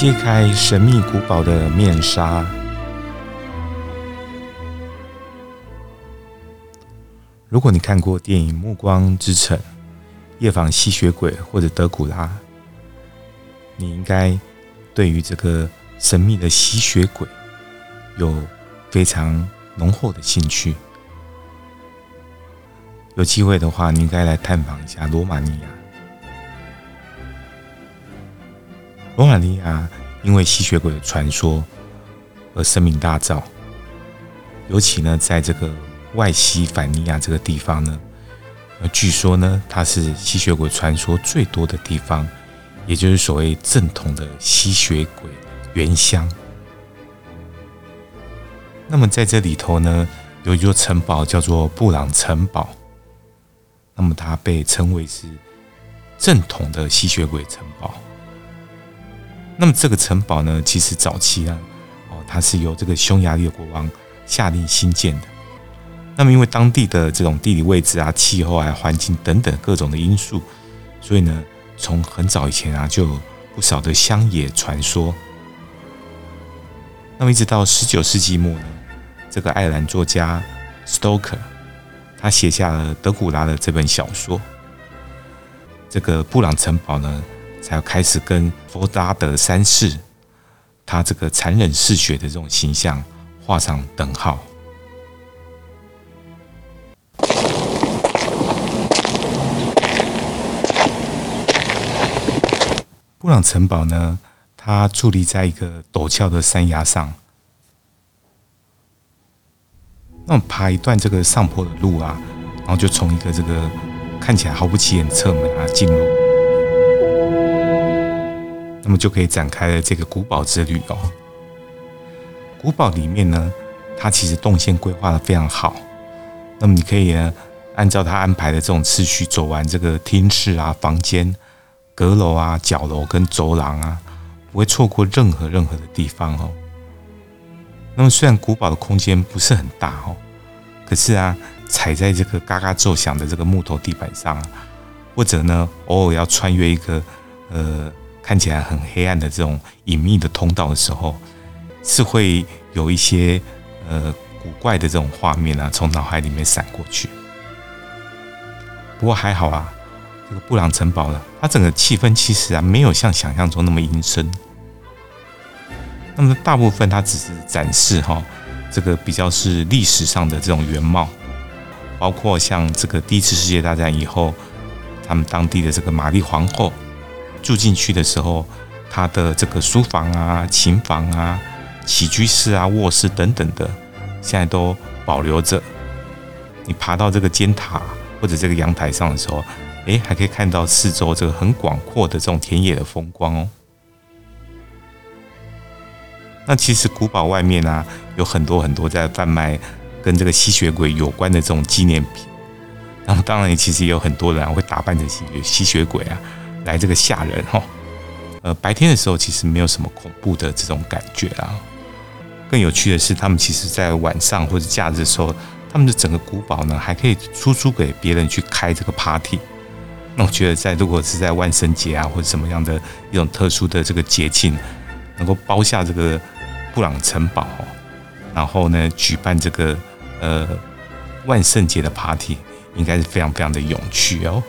揭開神秘古堡的面紗。如果你看過電影《暮光之城》《夜訪吸血鬼》或者《德古拉》，你應該對於這個神秘的吸血鬼有非常濃厚的興趣。有機會的話，你應該來探訪一下羅馬尼亞。羅馬尼亞因為吸血鬼的傳說而聲名大噪，尤其呢，在這個外西凡尼亞這個地方呢，呃，據說呢，它是吸血鬼傳說最多的地方，也就是所謂正統的吸血鬼原鄉。那麼在這裡頭呢，有一座城堡叫做布朗城堡，那麼它被稱為是正統的吸血鬼城堡。那麼這個城堡呢，其實早期啊，哦，它是由這個匈牙利的國王下令興建的。那麼因為當地的這種地理位置啊、氣候啊、環境等等各種的因素，所以呢，從很早以前啊，就有不少的鄉野傳說。那麼一直到十九世紀末呢，這個愛爾蘭作家 Stoker，他寫下了《德古拉》的這本小說。這個布朗城堡呢，才要開始跟佛達德三世，他這個殘忍嗜血的這種形象畫上等號。布朗城堡呢，它佇立在一個陡峭的山崖上，那我們爬一段這個上坡的路啊，然後就從一個這個看起來毫不起眼的側門啊進入。那麼就可以展開了這個古堡之旅哦。古堡裡面呢，它其實動線規劃得非常好。那麼你可以呢，按照他安排的這種次序走完這個廳室啊、房間、閣樓啊、角樓啊、角樓跟走廊啊，不會錯過任何任何的地方哦。那麼雖然古堡的空間不是很大哦，可是啊，踩在這個嘎嘎作響的這個木頭地板上啊，或者呢，偶爾要穿越一個呃。看起來很黑暗的這種隱秘的通道的時候，是會有一些呃古怪的這種畫面啊，從腦海裡面閃過去。不過還好啊，這個布朗城堡呢、啊，它整個氣氛其實啊，沒有像想象中那麼陰森。那麼大部分它只是展示哈、哦，這個比較是歷史上的這種原貌，包括像這個第一次世界大戰以後，他們當地的這個瑪麗皇後。住進去的時候，他的這個書房啊、琴房啊、起居室啊、臥室等等的，現在都保留着。你爬到這個尖塔或者這個陽台上的時候，誒，還可以看到四周這個很廣闊的這種田野的風光哦。那其實古堡外面呢、啊，有很多很多在販賣跟這個吸血鬼有關的這種紀念品。那麼當然，其實也有很多人、啊、會打扮成吸血鬼啊。來這個嚇人哈、哦，呃，白天的時候其實沒有什麼恐怖的這種感覺啊。更有趣的是，他們其實在晚上或者假日的時候，他們的整個古堡呢還可以出租給別人去開這個 party。那我覺得，在如果是在萬聖節啊或者什麼樣的一種特殊的這個節慶，能夠包下這個布朗城堡、哦，然後呢舉辦這個呃萬聖節的 party，應該是非常非常的有趣哦。